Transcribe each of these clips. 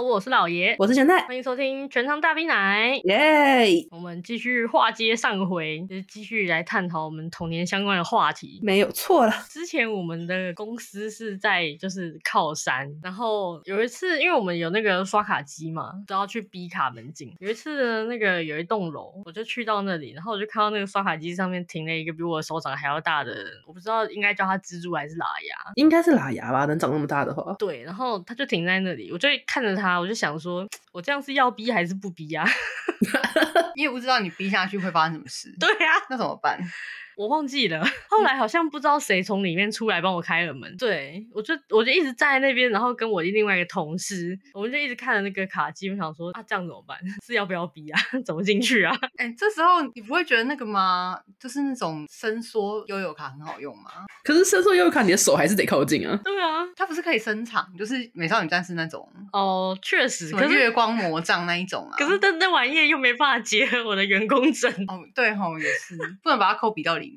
我是老爺，我是玄太。歡迎收聽全糖大冰奶耶！Yeah. 我們繼續話接上回，就是繼續來探討我們童年相關的話題，沒有錯了。之前我們的公司是在就是靠山，然後有一次，因為我們有那個刷卡機嘛，都要去 B 卡門禁。有一次呢，那個有一棟樓，我就去到那裡，然後我就看到那個刷卡機上面停了一個比我手掌還要大的，我不知道應該叫它蜘蛛還是喇牙，應該是喇牙吧，能長那麼大的話。對，然後它就停在那裡，我就看着它。啊！我就想說，我這樣是要逼，還是不逼啊？你 也不知道你逼下去會發生什麼事。對呀，啊，那怎麼辦？我忘記了，後來好像不知道誰從裡面出來幫我開了門，對，我就我就一直站在那邊，然後跟我的另外一個同事，我們就一直看着那個卡機，我想說啊這樣怎麼辦？是要不要逼啊？怎麼進去啊？哎、欸，這時候你不會覺得那個嗎？就是那種伸縮悠遊卡很好用嗎？可是伸縮悠遊卡，你的手還是得靠近啊。對啊，它不是可以伸長，就是美少女戰士那種哦，確實，可是月光魔杖那一種啊。可是但那玩意又沒辦法結合我的員工證。哦，對哦，也是，不能把它摳比到裡。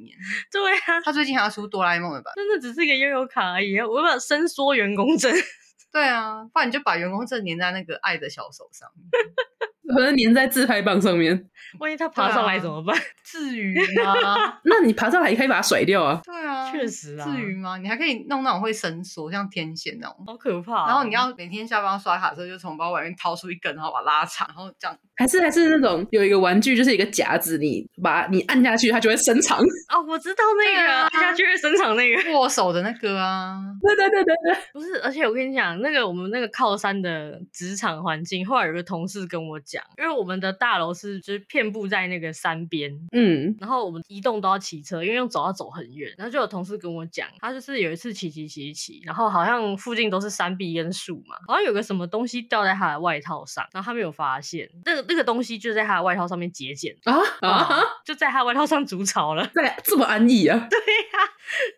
對啊，他最近還要出哆啦 A 夢的吧？真的只是一個悠遊卡而已，我把伸縮員工證，對啊，不然你就把員工證粘在那個愛的小手上。 可能粘在自拍棒上面，萬一他爬上來怎麼辦？啊、至於嗎？ 那你爬上來也可以把它甩掉啊。對啊，確實啊。至於嗎？你還可以弄那種會伸縮，像天線那種，好可怕、啊。然後你要每天下班刷卡的時候，就從包外面掏出一根，然後把它拉長，然後這樣。還是還是那種有一個玩具，就是一個夾子，你把你按下去，它就會伸長。哦，我知道那個，啊、按下去會伸長那個握手的那個啊。對對對對對，不是，而且我跟你講，那個我們那個靠山的職場環境，後來有個同事跟我講。講，因為我們的大樓是就是遍佈在那個山邊，嗯，然後我們移動都要騎車，因為要走要走很遠。然後就有同事跟我講，他就是有一次騎騎騎騎，然後好像附近都是山壁跟樹嘛，好像有個什麼東西掉在他的外套上，然後他沒有發現，那個那個東西就在他的外套上面結繭啊啊、啊、 啊，就在他外套上築巢了，在這麼安逸啊？對呀，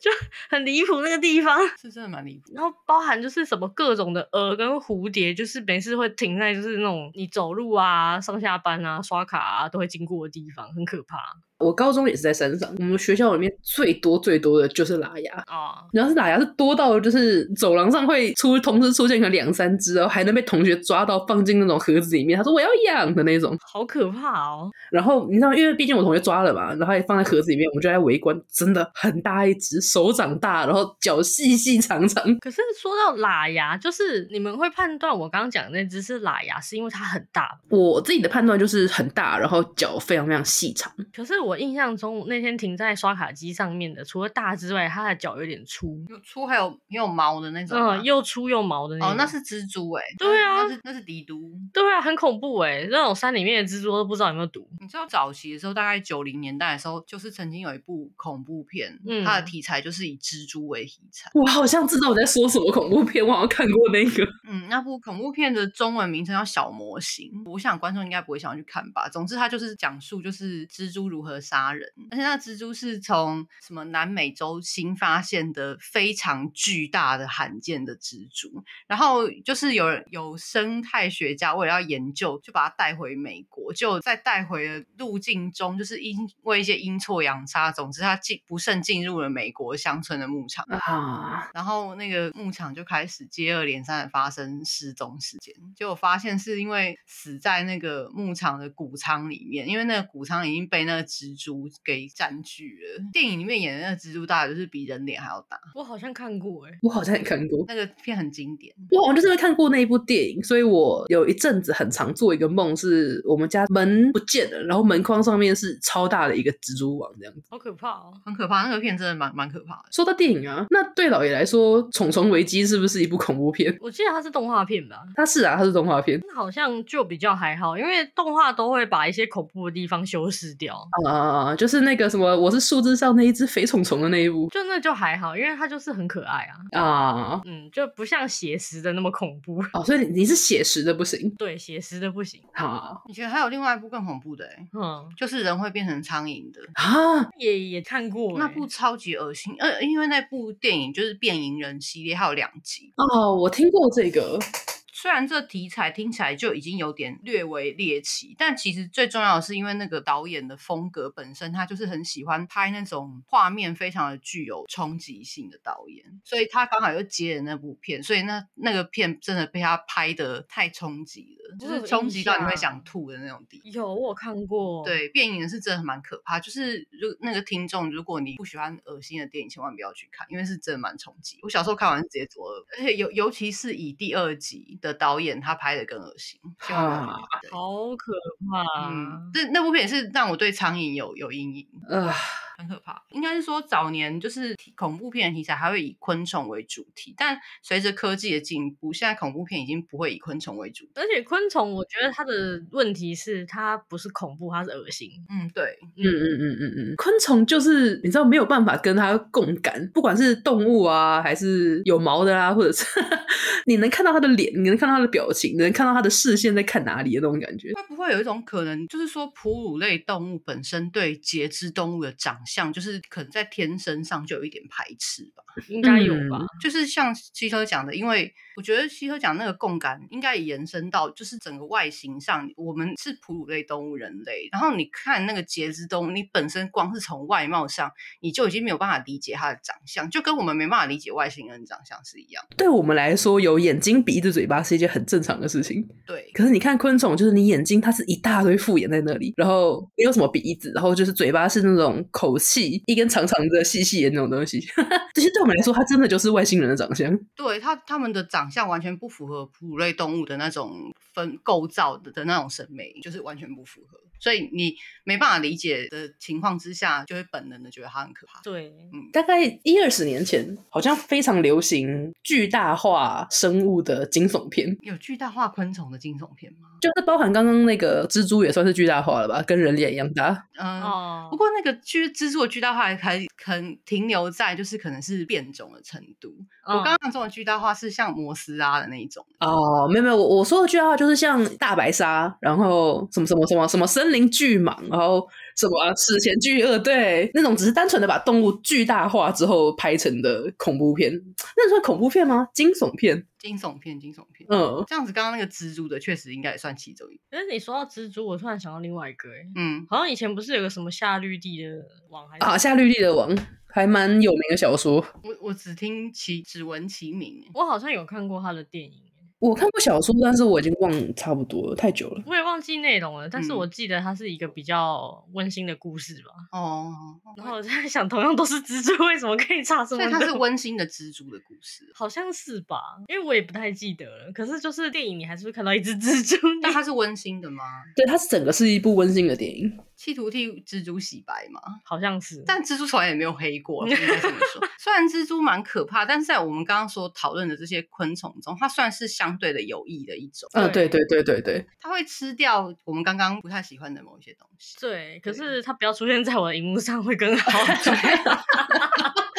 就很離譜那個地方，是真的蠻離譜。然後包含就是什麼各種的蛾跟蝴蝶，就是每次會停在就是那種你走路啊。啊，上下班啊，刷卡啊，都會經過的地方，很可怕。我高中也是在山上，我們學校裡面最多最多的就是喇牙啊！你、oh. 要是喇牙是多到就是走廊上會出同時出現個兩三隻，然後還能被同學抓到放進那種盒子裡面。他說我要養的那種，好可怕哦！然後你知道，因為畢竟我同學抓了嘛，然後也放在盒子裡面，我們就在圍觀。真的很大一隻，手掌大，然後腳細，細細長長。可是說到喇牙，就是你們會判斷我剛剛講的那隻是喇牙，是因為它很大。我自己的判斷就是很大，然後腳非常非常細長。可是我。我印象中那天停在刷卡機上面的，除了大之外，它的腳有點粗，又粗還有又有毛的那種，嗯、呃，又粗又毛的那種，哦，那是蜘蛛哎、欸，對啊，嗯、那是那是毒蛛，對啊，很恐怖哎、欸，那種山裡面的蜘蛛，都不知道有沒有毒。你知道早期的時候，大概九零年代的時候，就是曾經有一部恐怖片，它的題材就是以蜘蛛為題材、嗯。我好像知道我在說什麼恐怖片，我好像看過那個，嗯，那部恐怖片的中文名稱叫《小模型》，我想觀眾應該不會想要去看吧。總之，它就是講述就是蜘蛛如何。殺人，而且那蜘蛛是從什麼南美洲新發現的非常巨大的罕見的蜘蛛，然後就是有人有生態學家為了要研究，就把它帶回美國，就在帶回的路徑中，就是因為一些陰錯陽差，總之它進不慎進入了美國鄉村的牧場啊，然後那個牧場就開始接二連三的發生失蹤事件，結果發現是因為死在那個牧場的穀倉裡面，因為那個穀倉已經被那個蜘蛛給佔據了。電影裡面演的那個蜘蛛大的，就是比人臉還要大。我好像看過哎、欸，我好像也看過那個片，很經典。哇，我好像就是看過那一部電影，所以我有一陣子很常做一個夢，是我們家門不見了，然後門框上面是超大的一個蜘蛛網，這樣子，好可怕哦，很可怕。那個片真的蠻蠻可怕的。說到電影啊，那對老爺來說，《蟲蟲危機》是不是一部恐怖片？我記得它是動畫片吧？它是啊，它是動畫片，那好像就比較還好，因為動畫都會把一些恐怖的地方修飾掉。嗯啊啊、uh,，就是那個什麼，我是樹枝上那一隻肥蟲蟲的那一部，就那就還好，因為它就是很可愛啊。啊、uh,，嗯，就不像寫實的那麼恐怖。哦、oh, so，所以你是寫實的不行？對，寫實的不行。好，你覺得還有另外一部更恐怖的嗯，欸，uh. 就是人會變成蒼蠅的。啊、huh?，也也看過、欸、那部超級噁心，呃，因為那部電影就是變蠅人系列，還有兩集。哦、oh,，我聽過這個。雖然這題材聽起來就已經有點略微獵奇，但其實最重要的是，因為那個導演的風格本身，他就是很喜歡拍那種畫面非常的具有衝擊性的導演，所以他剛好又接了那部片，所以那那個片真的被他拍得太衝擊了，就是衝擊到你會想吐的那種地方。有，我有看過，對，變異人是真的蠻可怕，就是如那個聽眾，如果你不喜歡噁心的電影，千萬不要去看，因為是真的蠻衝擊。我小時候看完是直接作嘔，而且尤尤其是以第二集的，導演他拍的更噁心，啊，好可怕！嗯，那部片是讓我對蒼蠅有有陰影。呃很可怕，應該是說早年就是恐怖片題材還會以昆蟲為主題，但隨着科技的進步，現在恐怖片已經不會以昆蟲為主。而且昆蟲，我覺得它的問題是它不是恐怖，它是惡心。嗯，對，嗯嗯嗯嗯嗯，嗯，昆蟲就是你知道沒有辦法跟它共感，不管是動物啊，還是有毛的啊，或者是 你能看到它的臉，你能看到它的表情，你能看到它的視線在看哪裡的那種感覺。會不會有一種可能，就是說哺乳類動物本身對節肢動物的長相。像就是可能在天生上就有一點排斥吧，應該有吧。嗯、就是像西科講的，因為我覺得西科講的那個共感應該也延伸到就是整個外形上，我們是哺乳類動物，人類。然後你看那個節肢動物，你本身光是從外貌上，你就已經沒有辦法理解它的長相，就跟我們沒辦法理解外星人長相是一樣。對我們來說，有眼睛、鼻子、嘴巴是一件很正常的事情。對，可是你看昆蟲，就是你眼睛它是一大堆複眼在那裡，然後沒有什麼鼻子，然後就是嘴巴是那種口。細一根長長的細細的那種東西，這 些對我們來說，它真的就是外星人的長相。對他，他們的長相完全不符合哺乳類動物的那種分構造的的那種審美，就是完全不符合。所以你沒辦法理解的情況之下，就會本能的覺得它很可怕。對，嗯、大概一二十年前，好像非常流行巨大化生物的驚悚片。有巨大化昆蟲的驚悚片嗎？就是包含剛剛那個蜘蛛也算是巨大化了吧，跟人臉一樣大。嗯、哦，不過那個巨。蜘蛛的巨大化還還可能停留在，就是可能是變種的程度。嗯、我剛剛說的巨大化是像摩斯拉的那一種。哦，沒有沒有，我我說的巨大化就是像大白鯊，然後什麼什麼什麼什麼，什麼森林巨蟒，然後。什麼、啊、史前巨鱷？對，那種只是單純的把動物巨大化之後拍成的恐怖片，那算恐怖片嗎？驚悚片，驚悚片，驚悚片。嗯，這樣子，剛剛那個蜘蛛的確實應該也算其中一。但是你說到蜘蛛，我突然想到另外一個、欸，嗯，好像以前不是有個什麼夏綠蒂的網？啊，夏綠蒂的網還蠻有名的小說，我我只聽其只聞其名，我好像有看過他的電影。我看過小說，但是我已經忘差不多了，太久了。我也忘記內容了，但是我記得它是一個比較溫馨的故事吧。哦、嗯，然後我現在想，同樣都是蜘蛛，為什麼可以差這麼多？所以它是溫馨的蜘蛛的故事，好像是吧？因為我也不太記得了。可是就是電影，你還是會看到一只蜘蛛。但它是溫馨的嗎？對，它是整個是一部溫馨的電影。企圖替蜘蛛洗白嗎？好像是。但蜘蛛從來也沒有黑過。應該這麼說。 雖然蜘蛛蠻可怕，但是在我們剛剛所討論的這些昆蟲中，它算是相。對的、有益的一種，啊、對，對對對對對，他會吃掉我們剛剛不太喜歡的某一些東西對。對，可是他不要出現在我的熒幕上會更好。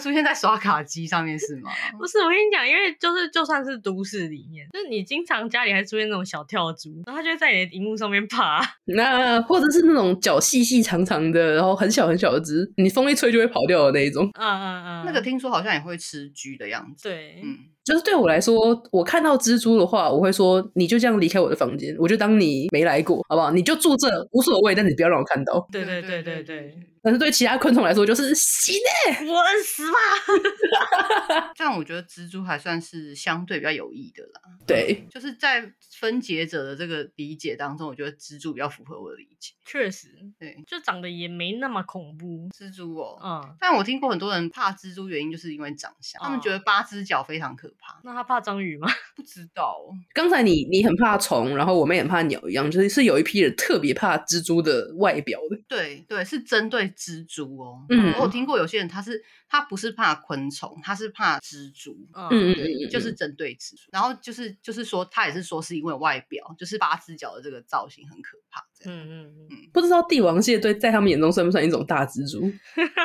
出現在刷卡機上面是嗎？ 不是，我跟你講，因為就是就算是都市裡面，就是你經常家裡還出現那種小跳蛛，然後它就會在你的熒幕上面爬，那或者是那種腳細細長，長長的，然後很小很小的只，你風一吹就會跑掉的那一種。啊啊啊，那個聽說好像也會吃蛆的樣子。對，嗯，就是對我來說，我看到蜘蛛的話，我會說，你就這樣離開我的房間，我就當你沒來過，好不好？你就住這無所謂，但你不要讓我看到。對對對對對，對，對。可是對其他昆蟲來說，就是心呢，我死吧 。 這樣我覺得蜘蛛還算是相對比較有益的啦。對，就是在分解者的這個理解當中，我覺得蜘蛛比較符合我的理解。確實，對，就長得也沒那麼恐怖，蜘蛛哦、喔，嗯，但我聽過很多人怕蜘蛛，原因就是因為長相，嗯、他們覺得八隻腳非常可怕。那他怕章魚嗎？不知道、喔。剛才你你很怕蟲，然後我們也很怕鳥一樣，就是是有一批人特別怕蜘蛛的外表的。對對，是針對蜘蛛哦、喔。嗯，我聽過有些人他是他不是怕昆蟲，他是怕蜘蛛。嗯對，就是針對蜘蛛嗯嗯嗯，然後就是就是說他也是說是因為外表，就是八隻腳的這個造型很可怕。嗯嗯嗯，不知道帝王蟹對在他們眼中算不算一種大蜘蛛？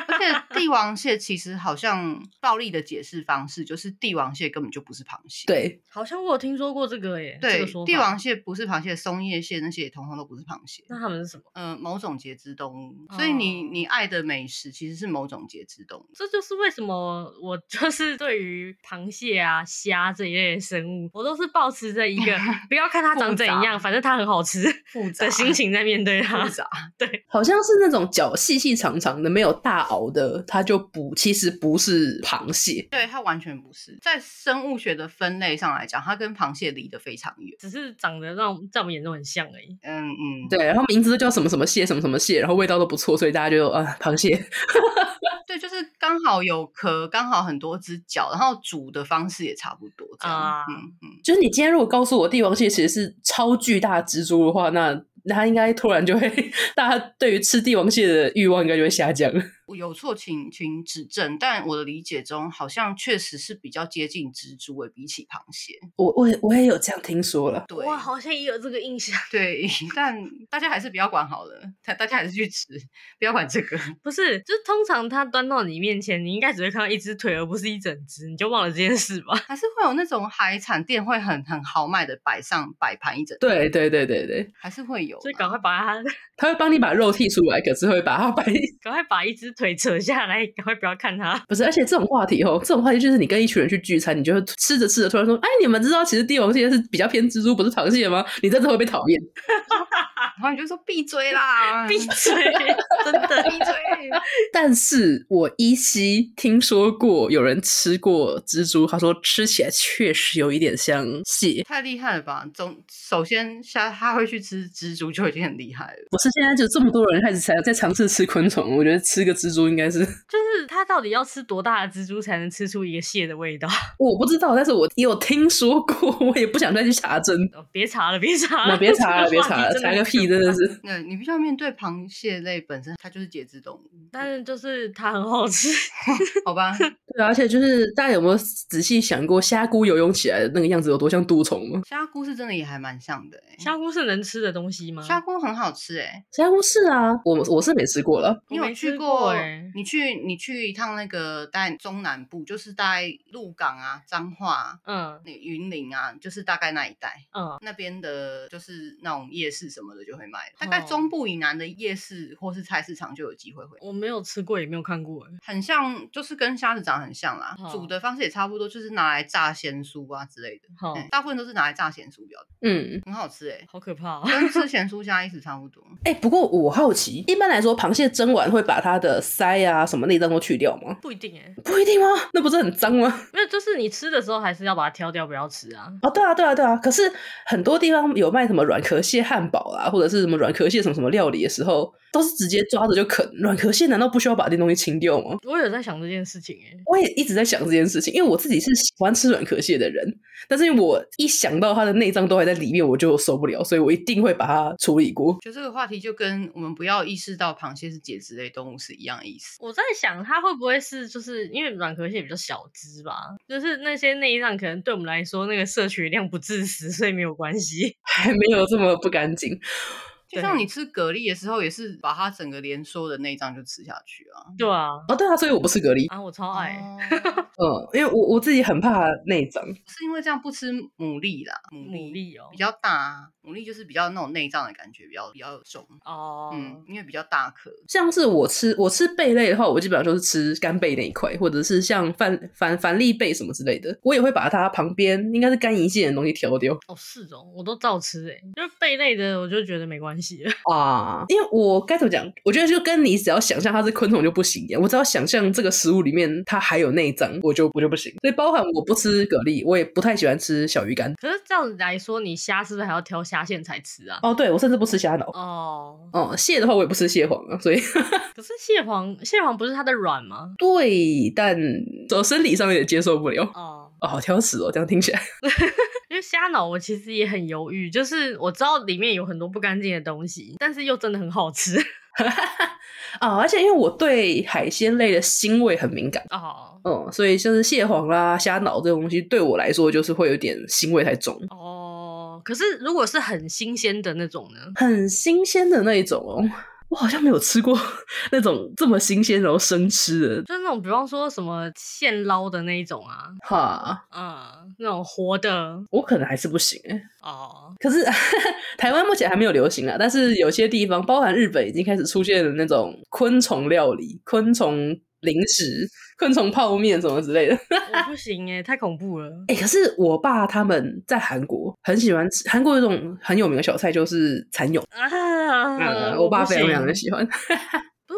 而且帝王蟹其實好像暴力的解釋方式就是帝王蟹根本就不是螃蟹。對，好像我有聽說過這個耶、欸。對、這個，帝王蟹不是螃蟹，松葉蟹那些也統統都不是螃蟹。那它們是什麼？嗯、呃，某種節肢動物、哦。所以你你愛的美食其實是某種節肢動物。這就是為什麼我就是對於螃蟹啊蝦這一類的生物，我都是抱持着一個不要看它長怎樣， 反正它很好吃的心情。在面對它，對，好像是那種腳細細長長的、沒有大螯的，它就不，其實不是螃蟹，對，它完全不是。在生物學的分類上來講，它跟螃蟹離得非常遠，只是長得讓在我們眼中很像而已。嗯嗯，對。然後名字叫什麼什麼蟹、什麼什麼蟹，然後味道都不錯，所以大家就啊，螃蟹。 對，就是剛好有殼，剛好很多只腳，然後煮的方式也差不多。啊嗯嗯，就是你今天如果告訴我帝王蟹其實是超巨大蜘蛛的話，那那他應該突然就會，大家對於吃帝王蟹的慾望應該就會下降了。我有錯，請請指正。但我的理解中，好像確實是比較接近蜘蛛耶，比起螃蟹。我我我也有這樣聽說了。對，哇，好像也有這個印象。對，但大家還是不要管好了，大家還是去吃，不要管這個。不是，就是通常他端到你面前，你應該只會看到一隻腿，而不是一整隻，你就忘了這件事吧。還是會有那種海產店會很很豪邁的擺上擺盤一整。對對對對對，還是會有。所以趕快把它，他會幫你把肉剔出來，可是會把它擺，趕快把一隻腿。腿扯下來，趕快不要看他！不是，而且這種話題哦，這種話題就是你跟一群人去聚餐，你就會吃着吃着突然說：“哎，你們知道其實帝王蟹是比較偏蜘蛛，不是螃蟹嗎？”你真的會被討厭。然 後你就說：“閉嘴啦，閉嘴， 真的閉嘴。 ”但是我依稀聽說過有人吃過蜘蛛，他說吃起來確實有一點像蟹，太厲害了吧！總首先下，下他會去吃蜘蛛就已經很厲害了。不是，現在就這麼多人開始在在嘗試吃昆蟲，我覺得吃個蜘。蜘蛛應該是，就是它到底要吃多大的蜘蛛才能吃出一個蟹的味道？我不知道，但是我也有聽說過，我也不想再去查證。別查了，別查了，別查了，別查了，查個屁，真的是、啊，你必須要面對螃蟹類本身它就是節肢動物，但是就是它很好吃， 好吧？對，而且就是大家有沒有仔細想過，蝦蛄游泳起來的那個樣子有多像毒蟲嗎？蝦蛄是真的也還蠻像的、欸，蝦蛄是能吃的東西嗎？蝦蛄很好吃、欸，哎，蝦蛄是啊，我我是沒吃過了，你沒吃過、欸。你去你去一趟那個在中南部，就是在鹿港啊、彰化、啊、嗯、那雲林啊，就是大概那一帶，嗯，那邊的就是那種夜市什麼的就會賣、哦。大概中部以南的夜市或是菜市場就有機會會。我沒有吃過也沒有看過，很像就是跟蝦子長很像啦、哦，煮的方式也差不多，就是拿來炸鹹酥啊之類的、哦嗯。大部分都是拿來炸鹹酥比較多。嗯，很好吃哎、欸，好可怕、啊，跟吃鹹酥蝦意思差不多。哎、 欸，不過我好奇，一般來說螃蟹蒸完會把它的。鰓啊，什麼內臟都去掉嗎？不一定、欸，不一定嗎？那不是很髒嗎？沒有，就是你吃的時候還是要把它挑掉，不要吃啊！啊、 哦，對啊，對啊，對啊！可是很多地方有賣什麼軟殼蟹漢堡啊，或者是什麼軟殼蟹什麼什麼料理的時候，都是直接抓着就啃軟殼蟹，難道不需要把這些東西清掉嗎？我有在想這件事情哎、欸，我也一直在想這件事情，因為我自己是喜歡吃軟殼蟹的人，但是因為我一想到它的內臟都還在裡面，我就受不了，所以我一定會把它處理過。就這個話題，就跟我們不要意識到螃蟹是節肢類動物是一樣意思。我在想，它會不會是就是因為軟殼蟹比較小只吧，就是那些內臟可能對我們來說那個攝取量不致死，所以沒有關係，還沒有這麼不乾淨。就像你吃蛤蜊的時候，也是把它整個連縮的內臟就吃下去啊。對啊，啊、哦、對啊，所以我不吃蛤蜊啊，我超愛、欸。啊、 嗯，因為我我自己很怕內臟，是因為這樣不吃牡蠣啦，牡蠣，牡蠣哦比較大啊。牡蠣就是比較那種內臟的感覺比較比較有重哦，oh. 嗯，因為比較大顆。像是我吃我吃貝類的話，我基本上就是吃干貝那一塊，或者是像帆帆帆立貝什麼之類的，我也會把它旁邊應該是乾一些的東西挑掉。哦，是哦，我都照吃哎、欸，就是貝類的我就覺得沒關係啊，uh, 因為我該怎麼講？我覺得就跟你只要想象它是昆蟲就不行一樣，我只要想象這個食物裡面它還有內臟，我就我就不行。所以包含我不吃蛤蜊，我也不太喜歡吃小魚乾。可是這樣子來說，你蝦是不是還要挑？蝦線才吃啊！哦，對，我甚至不吃蝦腦。哦，哦，蟹的話我也不吃蟹黃啊，所以。 可是蟹黃，蟹黃不是它的軟嗎？對，但走生理上面也接受不了。哦、oh. 哦，好挑食哦，這樣聽起來。 因為蝦腦我其實也很猶豫，就是我知道裡面有很多不乾淨的東西，但是又真的很好吃。啊、 哦，而且因為我對海鮮類的腥味很敏感哦，oh. 嗯，所以像是蟹黃啦、蝦腦這種東西，對我來說就是會有點腥味太重。哦、oh. 可是，如果是很新鮮的那種呢？很新鮮的那一種哦，我好像沒有吃過那種這麼新鮮然後生吃的，就是那種比方說什麼現撈的那一種啊，哈，啊、嗯，那種活的，我可能還是不行哎。哦，可是 台灣目前還沒有流行啊，但是有些地方，包含日本已經開始出現了那種昆蟲料理，昆蟲。零食、昆蟲泡麵什麼之類的， 不行哎，太恐怖了哎、欸。可是我爸他們在韓國很喜歡吃，韓國有一種很有名的小菜就是蠶蛹、啊嗯、我爸非常非常的喜歡。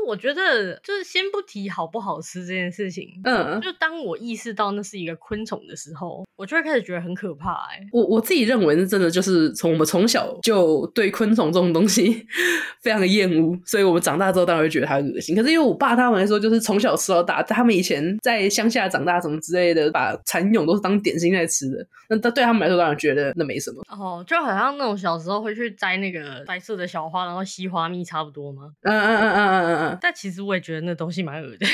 我覺得就是先不提好不好吃這件事情，嗯，就當我意識到那是一個昆蟲的時候，我就會開始覺得很可怕、欸。哎，我我自己認為是真的，就是從我們從小就對昆蟲這種東西 非常的厭惡，所以我們長大之後當然會覺得它噁心。可是因為我爸他們來說，就是從小吃到大，他們以前在鄉下長大什麼之類的，把蠶蛹都是當點心在吃的。那對對他們來說當然覺得那沒什麼。哦，就好像那種小時候會去摘那個白色的小花，然後吸花蜜差不多嗎？嗯嗯嗯嗯嗯嗯。嗯嗯嗯嗯但其實我也覺得那東西蠻噁的。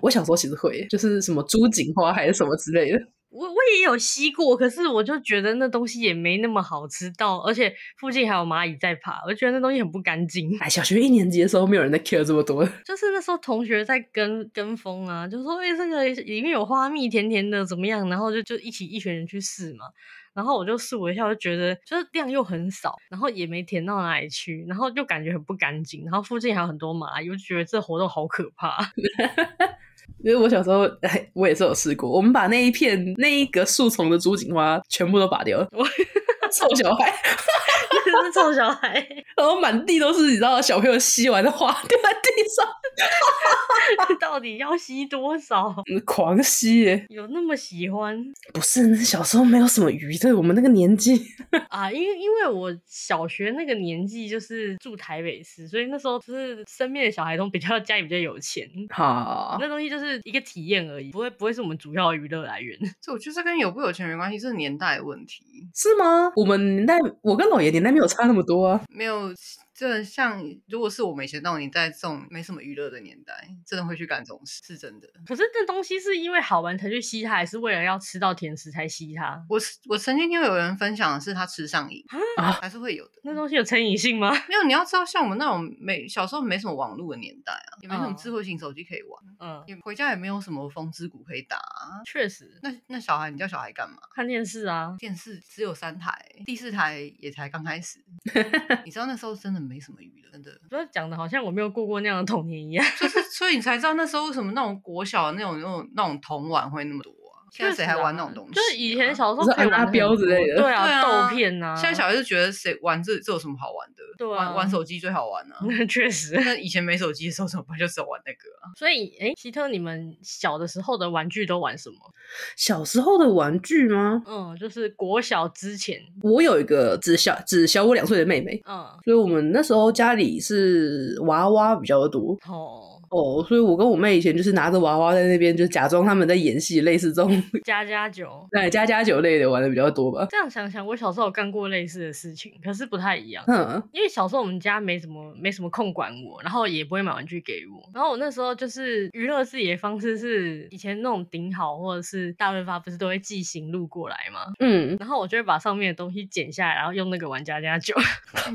我小時候其實會，就是什麼朱槿花，還是什麼之類的我，我我也有吸過，可是我就覺得那東西也沒那麼好吃到，而且附近還有螞蟻在爬，我覺得那東西很不乾淨。哎，小學一年級的時候沒有人在 care 這麼多，就是那時候同學在跟跟風啊，就說哎，這個裡面有花蜜，甜甜的怎麼樣，然後就就一起一群人去試嘛。然後我就試了一下，我就覺得就是量又很少，然後也沒填到哪裡去，然後就感覺很不乾淨，然後附近還有很多螞蟻，就覺得這活動好可怕。因 為我小時候，哎，我也是有試過，我們把那一片那一個樹叢的朱槿花全部都拔掉了， 臭小孩。 都 是臭小孩，然後滿地都是，你知道小朋友吸完的花，掉在地上， 到底要吸多少？嗯、狂吸耶，有那麼喜歡？不是，那個，小時候沒有什麼娛樂，對我們那個年紀 啊，因為因為我小學那個年紀就是住台北市，所以那時候就是身邊的小孩都比較家裡比較有錢，好，那東西就是一個體驗而已，不會不會是我們主要的娛樂來源。就 我覺得這跟有不有錢沒關係，是年代的問題，是嗎？我們年代，嗯、我跟老爺爺。那沒有差那麼多啊，沒有。就是像如果是我沒想到你在這種沒什麼娛樂的年代，真的會去幹這種事，是真的。可是這東西是因為好玩才去吸它，還是為了要吃到甜食才吸它？我我曾經聽有人分享的是他吃上癮啊，還是會有的。那東西有成癮性嗎？沒有，你要知道，像我們那種沒小時候沒什麼網絡的年代啊，也沒什麼智慧型手機可以玩，嗯，嗯也回家也沒有什麼風之谷可以打。確實，那那小孩你叫小孩幹嘛？看電視啊，電視只有三台，第四台也才剛開始。 你知道那時候真的。沒什麼魚了，真的。不要講得好像我沒有過過那樣的童年一樣。就是，所以你才知道那時候為什麼那種國小的那種那種那種童晚會那麼多。現在誰還玩那種東西，啊啊？就是以前小時候還玩標之、就是、類的，對啊， 對啊，豆片啊。現在小孩子就覺得誰玩這這有什麼好玩的？對啊，玩，玩手機最好玩了、啊。那確實，以前沒手機的時候，怎麼辦？就只有玩那個啊。所以，哎、欸，希特，你們小的時候的玩具都玩什麼？小時候的玩具嗎？嗯，就是國小之前，我有一個只小只小我兩歲的妹妹，嗯，所以我們那時候家裡是娃娃比較多。哦。哦、oh,，所以我跟我妹以前就是拿着娃娃在那邊，就假裝他們在演戲，類似這種家家酒，哎 家家酒類的玩的比較多吧。這樣想想，我小時候有幹過類似的事情，可是不太一樣。嗯，因為小時候我們家沒什麼，沒什麼空管我，然後也不會買玩具給我，然後我那時候就是娛樂自己的方式是以前那種頂好或者是大潤發不是都會寄型錄過來嗎？嗯，然後我就會把上面的東西剪下來，然後用那個玩家家酒。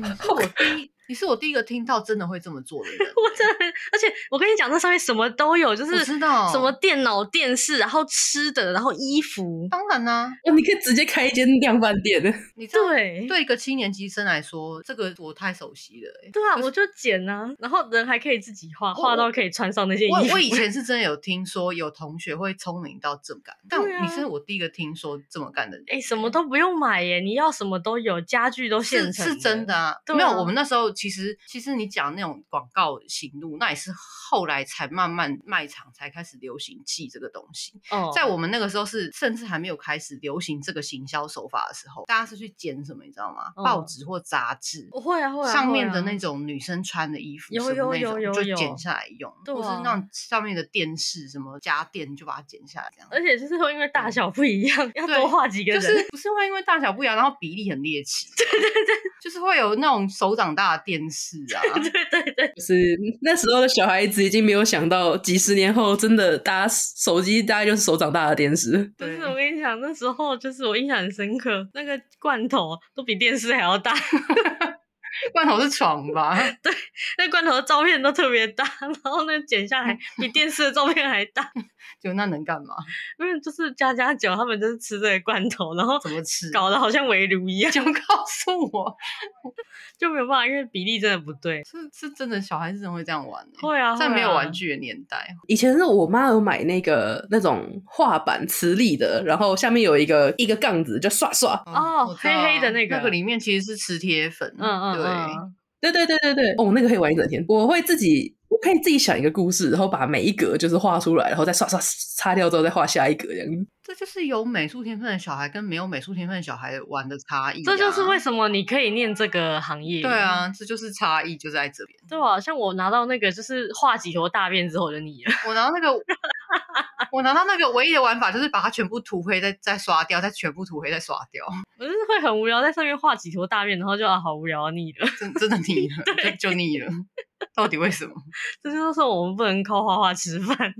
你是我第一個聽到真的會這麼做的人、欸，我真的，而且我跟你講，這上面什麼都有，就是我知道什麼電腦、電視，然後吃的，然後衣服。當然啦，哦，你可以直接開一間量販店你這。對對一個七年級生來說，這個我太熟悉了、欸。對啊，我就剪啊，然後人還可以自己畫畫到可以穿上那些衣服。我我以前是真的有聽說有同學會聰明到這麼幹、啊，但你是我第一個聽說這麼幹的人。哎、欸，什麼都不用買耶、欸，你要什麼都有，家具都現成。是，是真的啊。對啊。沒有，我們那時候。其實，其實你講那種廣告型錄，那也是後來才慢慢賣場才開始流行寄這個東西。哦、oh.，在我們那個時候是甚至還沒有開始流行這個行銷手法的時候，大家是去剪什麼，你知道嗎？Oh. 報紙或雜誌，我會啊，會上面的那種女生穿的衣服，oh. 什麼 oh. 有有那種，就剪下來用，不、oh. 是那種上面的電視什麼家電就把它剪下來這樣。Oh. 而且就是會因為大小不一樣，oh. 要多畫幾個人，就是、不是會因為大小不一樣，然後比例很獵奇， 對對對，就是會有那種手掌大。電視啊， 對對對，是那時候的小孩子已經沒有想到，幾十年後真的，大家手機大概就是手掌大的電視。對，但是我跟你講，那時候就是我印象很深刻，那個罐頭都比電視還要大。 罐頭是床吧？ 對，那罐頭的照片都特別大，然後那剪下來比電視的照片還大。 就那能幹嘛？因為就是家家酒，他們就是吃這些罐頭，然後怎麼吃，搞得好像圍爐一樣。就告訴我， 就沒有辦法，因為比例真的不對。是是真的，小孩子怎麼會這樣玩呢？會啊，啊，在沒有玩具的年代，以前是我媽有買那個那種畫板磁力的，然後下面有一個一個槓子，就刷刷。嗯、哦，黑黑的那個，那個裡面其實是磁鐵粉。嗯嗯，對，對、嗯嗯、對對對對，哦，那個可以玩一整天。我會自己。我可以自己想一個故事，然後把每一格就是畫出來，然後再刷刷，刷，擦掉之後再畫下一格這樣。這就是有美術天分的小孩跟沒有美術天分的小孩玩的差異啊。這就是為什麼你可以念這個行業。對啊，這就是差異就在這邊。對啊，像我拿到那個就是畫幾坨大便之後就膩了。我拿到那個。 我拿到那個唯一的玩法就是把它全部塗黑再，再再刷掉，再全部塗黑，再刷掉。我就是會很無聊，在上面畫幾坨大便，然後就啊，好無聊，啊，膩了。真真的膩了 就，就膩了。到底為什麼？ 這就是說我們不能靠畫畫吃飯。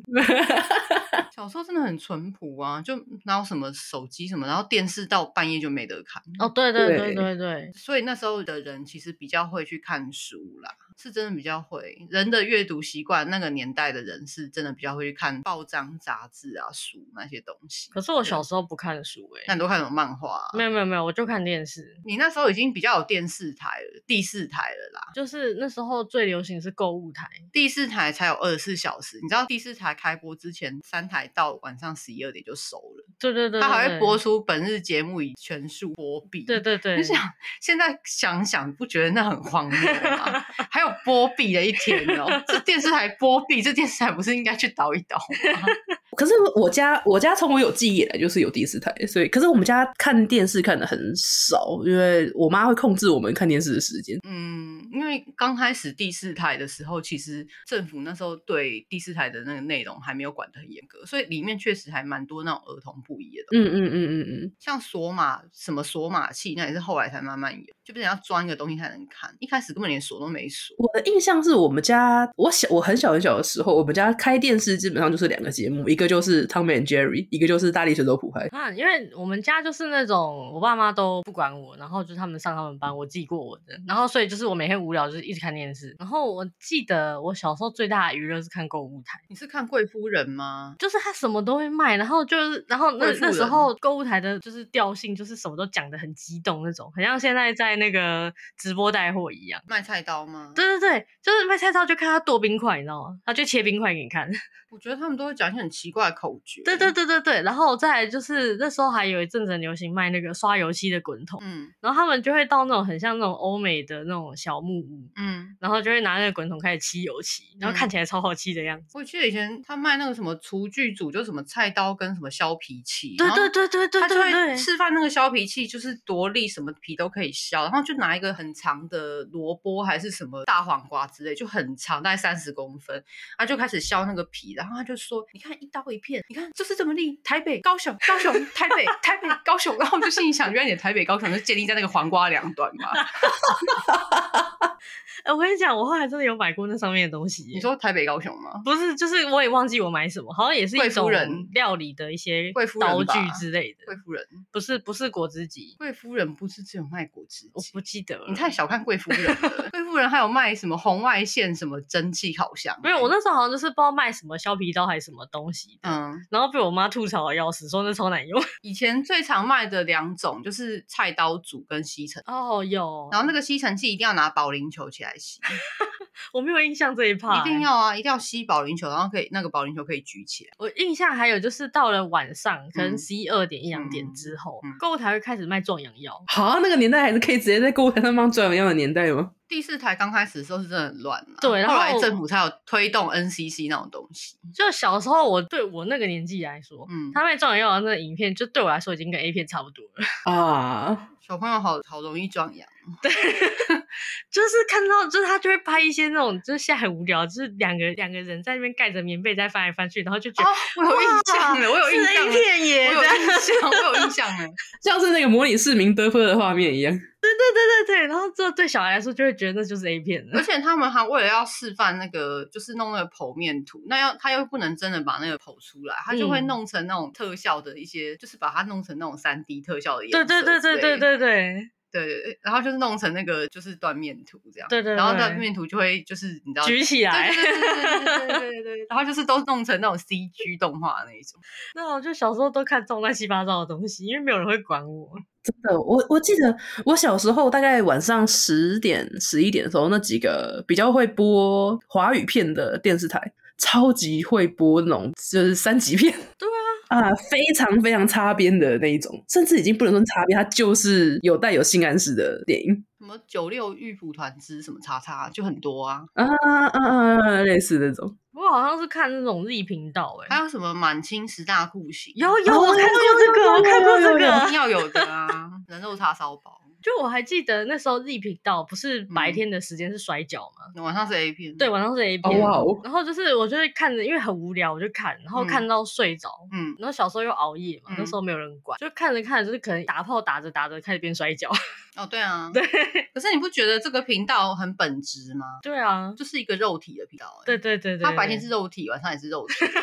小時候真的很淳樸啊，就然後什麼手機什麼，然後電視到半夜就沒得看哦。Oh, 對，對對對對對，所以那時候的人其實比較會去看書啦，是真的比較會。人的閱讀習慣，那個年代的人是真的比較會去看報章、雜誌啊、書那些東西。可是我小時候不看書哎、欸，那你都看什麼漫畫、啊？沒有沒有沒有，我就看電視。你那時候已經比較有電視台了，第四台了啦。就是那時候最流行是購物台，第四台才有二十四小時。你知道第四台開播之前三。台到晚上十一二點就收了，對對對,對他還會播出本日節目以全數播畢，對對對,對你想現在想想，不覺得那很荒謬嗎？ 還有播畢的一天哦， 這電視台播畢，這電視台不是應該去倒一倒嗎？ 可是我家我家從我有記憶以來就是有第四台，所以可是我們家看電視看得很少，因為我媽會控制我們看電視的時間。嗯，因為剛開始第四台的時候，其實政府那時候對第四台的那個內容還沒有管得很嚴格，所以裡面確實還蠻多那種兒童不宜的東西。嗯嗯嗯嗯嗯，像鎖碼什麼鎖碼器，那也是後來才慢慢有，就變成要裝一個東西才能看，一開始根本連鎖都沒鎖。我的印象是我們家我小我很小很小的時候，我們家開電視基本上就是兩個節目，一個，嗯。一個就是 Tom and Jerry，一個就是大力水手卜派。那、啊、因為我們家就是那種，我爸媽都不管我，然後就是他們上他們班，我自己過我的，然後所以就是我每天無聊就是一直看電視。然後我記得我小時候最大的娛樂是看購物台。你是看貴夫人嗎？就是他什麼都會賣。然後就是，然後那那時候購物台的就是調性就是什麼都講的很激動那種，很像現在在那個直播帶貨一樣。賣菜刀嗎？對對對，就是賣菜刀，就看他剁冰塊，你知道嗎？他就切冰塊給你看。我覺得他們都會講一些很奇怪的口訣。對對對對對，然後再來就是那時候還有一陣子流行賣那個刷油漆的滾筒。嗯。然後他們就會到那種很像那種歐美的那種小木屋。嗯。然後就會拿那個滾筒開始漆油漆，嗯、然後看起來超好漆的樣子。我記得以前他賣那個什麼廚具組，就是什麼菜刀跟什麼削皮器。對對對對對。對。對。會示範那個削皮器，就是多利什麼皮都可以削，然後就拿一個很長的蘿蔔還是什麼大黃瓜之類，就很長，大概三十公分，他就開始削那個皮。然後他就說：“你看，一刀一片，你看就是這麼立。台北、高雄、高雄、台北、台北、 高雄。”然後我就心想：“原來你的台北高雄是建立在那個黃瓜兩端嘛。哈哈哈！哎，我跟你講，我後來真的有買過那上面的東西。你說台北高雄嗎？不是，就是我也忘記我買什麼，好像也是貴夫人料理的一些刀具之類的。貴夫人不是不是果汁機，貴夫人不是只有賣果汁，我不記得了。你太小看貴夫人， 貴夫人還有賣什麼紅外線什麼蒸汽烤箱。沒有，我那時候好像就是不知道賣什麼。削皮刀還是什麼東西，嗯，然後被我媽吐槽要死，說那超難用。以前最常賣的兩種就是菜刀組跟吸塵。哦，有。然後那個吸塵器一定要拿保齡球起來吸。 我沒有印象這一趴，一定要啊，一定要吸保齡球，然後可以那個保齡球可以舉起來。我印象還有就是到了晚上，可能十、嗯、一二點一兩點之後，購、嗯、物、嗯、台會開始賣壯陽藥。好像，那個年代還是可以直接在購物台上放壯陽藥的年代嗎？第四台剛開始的時候是真的很亂，對，然後，後來政府才有推動 NCC 那種東西。就小時候我對我那個年紀來說，嗯，他賣壯陽藥的那個影片，就對我來說已經跟 A 片差不多了啊。小朋友好好容易壯陽。對，就是看到，就是他就會拍一些那種，就是現在很無聊，就是兩個兩個人在那邊蓋着棉被在翻來翻去，然後就覺得我有印象了，我有印象了，我有印象，我有印象了，像是那個模擬市民得分的畫面一樣。對對對對對，然後這對小孩來說就會覺得那就是 A 片了。而且他們還為了要示範那個，就是弄那個剖面圖，那要他又不能真的把那個剖出來，他就會弄成那種特效的一些，嗯、就是把它弄成那種三 D 特效的。對對對對對對對，對，對。對，對對，然後就是弄成那個就是斷面圖這樣，對對，對，然後斷面圖就會就是你知道舉起來，對對對對對對，對， 然後就是都弄成那種 CG 動畫那一種。那我就小時候都看這種亂七八糟的東西，因為沒有人會管我。真的，我我記得我小時候大概晚上十點十一點的時候，那幾個比較會播華語片的電視台，超級會播那種就是三級片。對啊，非常非常擦邊的那一種，甚至已經不能說擦邊它就是有帶有性暗示的電影，什麼九六玉蒲團之什麼叉叉，就很多啊，啊啊啊，啊類似那種。不過好像是看那種日頻道誒、欸，還有什麼滿清十大酷刑，有有我看到有這個，我看到這個、啊，要有，有的啊，人肉叉燒包。就我還記得那時候 Z 頻道不是白天的時間是摔跤嗎、嗯？晚上是 A 片。對，晚上是 A 片。哇、oh, wow.，然後就是我就會看着，因為很無聊，我就看，然後看到睡着。嗯，然後小時候又熬夜嘛，嗯、那時候沒有人管，就看着看着，就是可能打炮打着打着開始變摔跤。哦，對啊，對。可是你不覺得這個頻道很本質嗎？對啊，就是一個肉體的頻道、欸。對對對，對對對對，他白天是肉體，晚上也是肉體。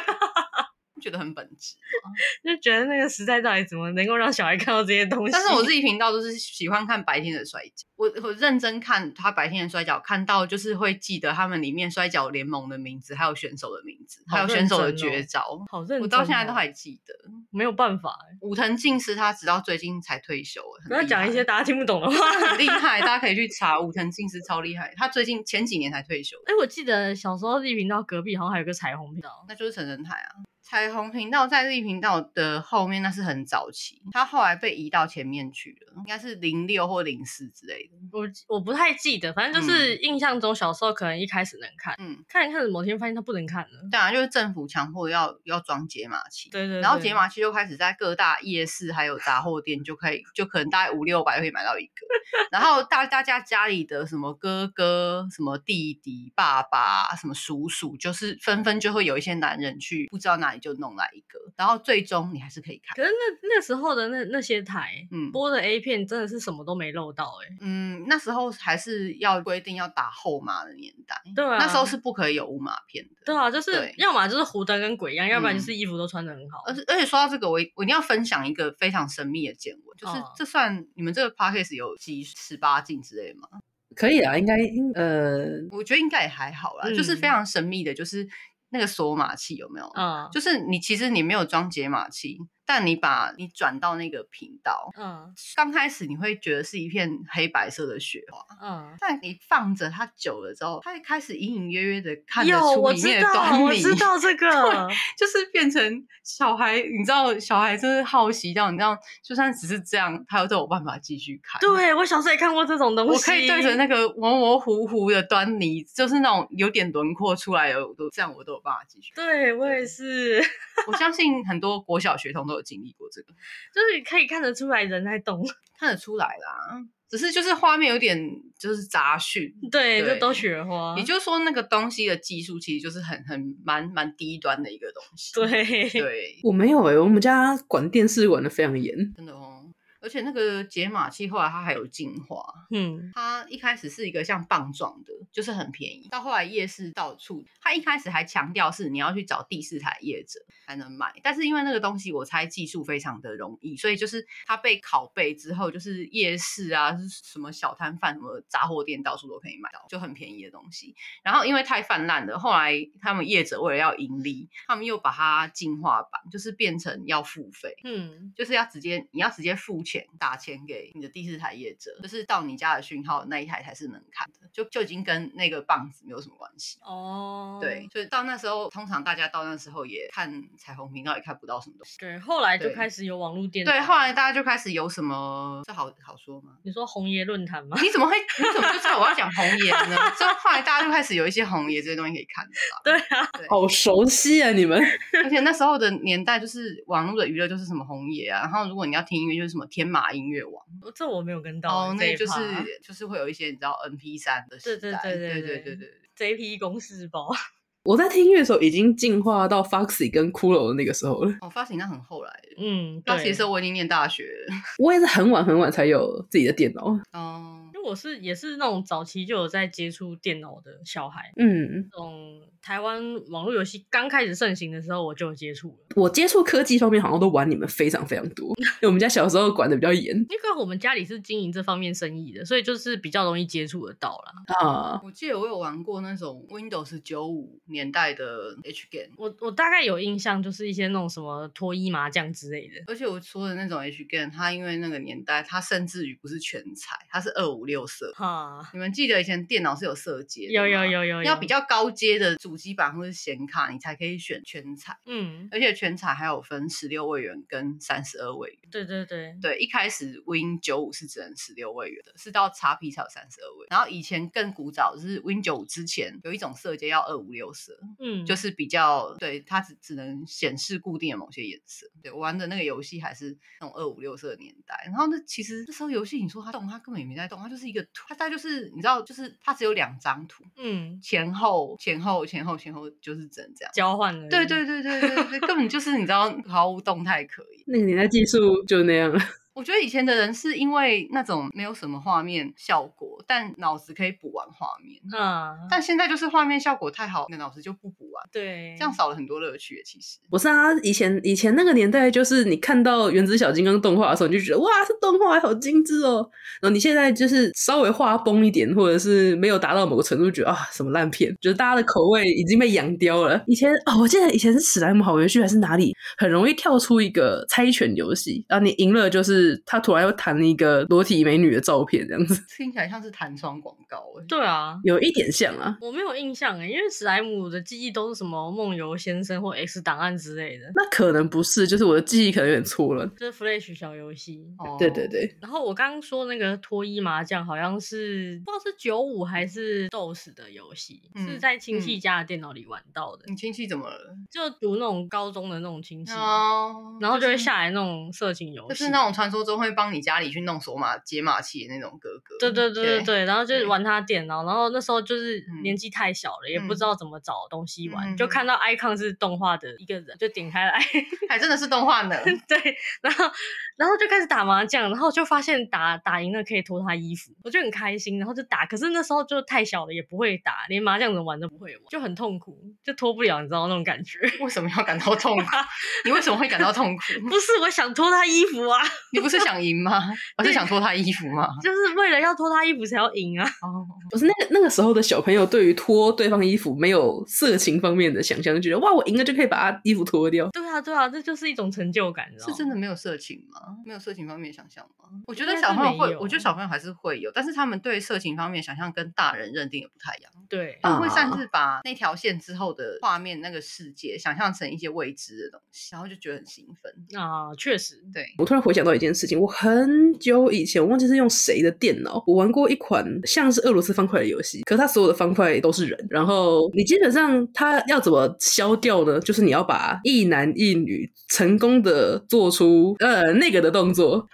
覺得很本質， 就覺得那個時代到底怎麼能夠讓小孩看到這些東西？但是我自己頻道都是喜歡看白天的摔跤，我我認真看他白天的摔跤，看到就是會記得他們裡面摔跤聯盟的名字，還有選手的名字，哦、還有選手的絕招。好認真、哦，我到現在都還記得，沒有辦法、欸。武藤敬司他直到最近才退休，那講一些大家聽不懂的話， 很厲害， 大家可以去查武藤敬司超厲害，他最近前幾年才退休。哎、欸，我記得小時候自己頻道隔壁好像還有個彩虹頻道，那就是成人台啊。彩虹頻道在這一頻道的後面，那是很早期，它後來被移到前面去了，應該是零六或零四之類的。我我不太記得，反正就是印象中小時候可能一開始能看，嗯，看一看着某天發現它不能看了，對啊，就是政府強迫要要裝解碼器，對，對對，然後解碼器就開始在各大夜市還有雜貨店就可以，就可能大概五六百就可以買到一個， 然後大大家家裡的什麼哥哥、什麼弟弟、爸爸、什麼叔叔，就是紛紛就會有一些男人去不知道哪一。就弄來一個，然後最終你還是可以看。可是那那時候的那那些臺、嗯、播的 A 片，真的是什麼都沒露到哎、欸。嗯，那時候還是要規定要打後碼的年代。對啊，那時候是不可以有無碼片的。對啊，就是要嘛就是糊得跟鬼一樣、嗯，要不然就是衣服都穿得很好。而且而且說到這個，我我一定要分享一個非常神秘的見聞，就是這算你們這個 podcast 有幾十八禁之類嗎？可以啊，應該呃，我覺得應該也還好啦、嗯，就是非常神秘的，就是。那個鎖碼器有沒有？嗯，就是你其實你沒有裝解碼器。但你把你轉到那個頻道，嗯，剛開始你會覺得是一片黑白色的雪花，嗯，但你放着它久了之後，它一開始隱隱約約的看得出有裡面的端倪。我知道，我知道這個 對，就是變成小孩，你知道小孩真是好奇到，你知道，就算只是這樣，他都有辦法繼續看。對、嗯、我小時候也看過這種東西，我可以對着那個模模糊糊的端倪，就是那種有點輪廓出來的我都，這樣我都有辦法繼續。對，對我也是， 我相信很多國小學童都。經歷過這個，就是可以看得出來人在動， 看得出來啦。只是就是畫面有點就是雜訊，對，就都雪花。也就是說，那個東西的技術其實就是很很蠻蠻，蠻低端的一個東西。對對，我沒有哎、欸，我們家管電視管得非常嚴，真的哦。而且那個解碼器後來它還有進化，嗯，它一開始是一個像棒狀的，就是很便宜，到後來夜市到處，它一開始還強調是你要去找第四台業者才能買，但是因為那個東西我猜技術非常的容易，所以就是它被拷貝之後，就是夜市啊，是什麼小攤販、什麼雜貨店，到處都可以買到，就很便宜的東西。然後因為太氾濫了，後來他們業者為了要盈利，他們又把它進化版，就是變成要付費，嗯，就是要直接你要直接付錢。打錢給你的第四台業者，就是到你家的訊號的那一台才是能看的，就就已經跟那個棒子沒有什麼關係哦。Oh. 對，所以到那時候，通常大家到那時候也看彩虹頻道也看不到什麼東西。對，後來就開始有網絡電對，對，後來大家就開始有什麼這好好說嗎？你說紅爺論壇嗎？你怎麼會你怎麼就知道我要講紅爺呢？ 所以後來大家就開始有一些紅爺這些東西可以看了。對啊對，好熟悉啊你們！而且那時候的年代就是網絡的娛樂就是什麼紅爺啊，然後如果你要聽音樂就是什麼天。碼音樂網、哦，這我沒有跟到、哦，那就是就是會有一些你知道 N P 三的時代，對對對對對對，對 j P 公司包。我在聽音樂的時候已經進化到 f o x y 跟骷髏的那個時候了。哦，Foxi 那很後來，嗯 f o 的時候我已經念大學了，我也是很晚很晚才有自己的電腦，哦，因為我是也是那種早期就有在接觸電腦的小孩，嗯嗯嗯。台灣網絡遊戲剛開始盛行的時候，我就有接觸了。我接觸科技方面好像都玩你們非常非常多。 因為我們家小時候管的比較嚴，因、那、為、個、我們家裡是經營這方面生意的，所以就是比較容易接觸得到啦。啊，我記得我有玩過那種 Windows 九五年代的 H game，我我大概有印象，就是一些那種什麼脫衣麻將之類的。而且我說的那種 H game 它因為那個年代，它甚至於不是全彩，它是二五六色哈、啊，你們記得以前電腦是有色階，有有有有，有，有，有，要比，比較高階的主。主機板或是顯卡，你才可以選全彩。嗯，而且全彩還有分十六位元跟三十二位元。對對對對，一開始 Win 九五是只能十六位元的，是到叉 P 才有三十二位。然後以前更古早的是 Win 九五之前有一種色階要二五六色，嗯，就是比較對它只只能顯示固定的某些顏色。對，我玩的那個遊戲還是那種二五六色的年代。然後那其實那時候遊戲，你說它動，它根本也沒在動，它就是一個圖，它大概就是你知道，就是它只有兩張圖，嗯，前後前後前後。先後前後，就是只能這樣交換的，對對對對對對， 根本就是你知道，毫無動態可言。那個、你的技術就那樣了。我覺得以前的人是因為那種沒有什麼畫面效果，但腦子可以補完畫面。嗯、啊，但現在就是畫面效果太好，那腦子就不補完。對，這樣少了很多樂趣。其實不是啊，以前以前那個年代，就是你看到《原子小金剛》動畫的時候，你就覺得哇，這動畫好精致哦。然後你現在就是稍微畫崩一點，或者是沒有達到某個程度，覺得啊什麼爛片，覺得大家的口味已經被養刁了。以前哦，我記得以前是《史萊姆好玩遊戲》還是哪裡，很容易跳出一個猜拳遊戲，然後你贏了就是。是他突然又彈了一個裸體美女的照片，這樣子聽起來像是彈窗廣告、欸、對啊，有一點像啊。我沒有印象哎、欸，因為史萊姆的記憶都是什麼夢遊先生或 X 檔案之類的。那可能不是，就是我的記憶可能有點錯了。這、就是 Flash 小遊戲、哦。對對對。然後我剛剛說那個脫衣麻將，好像是不知道是九五還是 DOS 的遊戲、嗯，是在親戚家的電腦裡玩到的。嗯嗯、你親戚怎麼了？就讀那種高中的那種親戚哦、啊，然後就會下來那種色情遊戲，就是那種穿。都會幫你家裡去弄鎖碼解碼器的那種哥哥，對對對對對，對，然後就玩他電腦、嗯，然後那時候就是年紀太小了，嗯、也不知道怎麼找東西玩、嗯，就看到 icon 是動畫的一個人，就點開來，還真的是動畫呢， 對，然後。然後就開始打麻將，然後就發現打打贏了可以脫他衣服，我就很開心，然後就打。可是那時候就太小了，也不會打，連麻將都玩都不會玩，就很痛苦，就脫不了，你知道那種感覺？為什麼要感到痛啊？ 你為什麼會感到痛苦？ 不是我想脫他衣服啊！ 你不是想贏嗎？我是想脫他衣服嗎？就是為了要脫他衣服才要贏啊！哦，不是那個那個時候的小朋友，對於脫對方衣服沒有色情方面的想象，就覺得哇，我贏了就可以把他衣服脫掉。對啊，對啊，這就是一種成就感，你知道嗎？是真的沒有色情嗎？沒有色情方面想象嗎？我覺得小朋友會，我覺得小朋友還是會有，但是他們對色情方面想象跟大人認定也不太一樣。對，他們會擅自把那條線之後的畫面、那個世界想象成一些未知的東西，然後就覺得很興奮。那、嗯、確實，對，我突然回想到一件事情，我很久以前我忘記是用誰的電腦，我玩過一款像是俄羅斯方塊的遊戲，可是它所有的方塊都是人。然後你基本上他要怎麼消掉呢？就是你要把一男一女成功的做出呃那個。這個動作。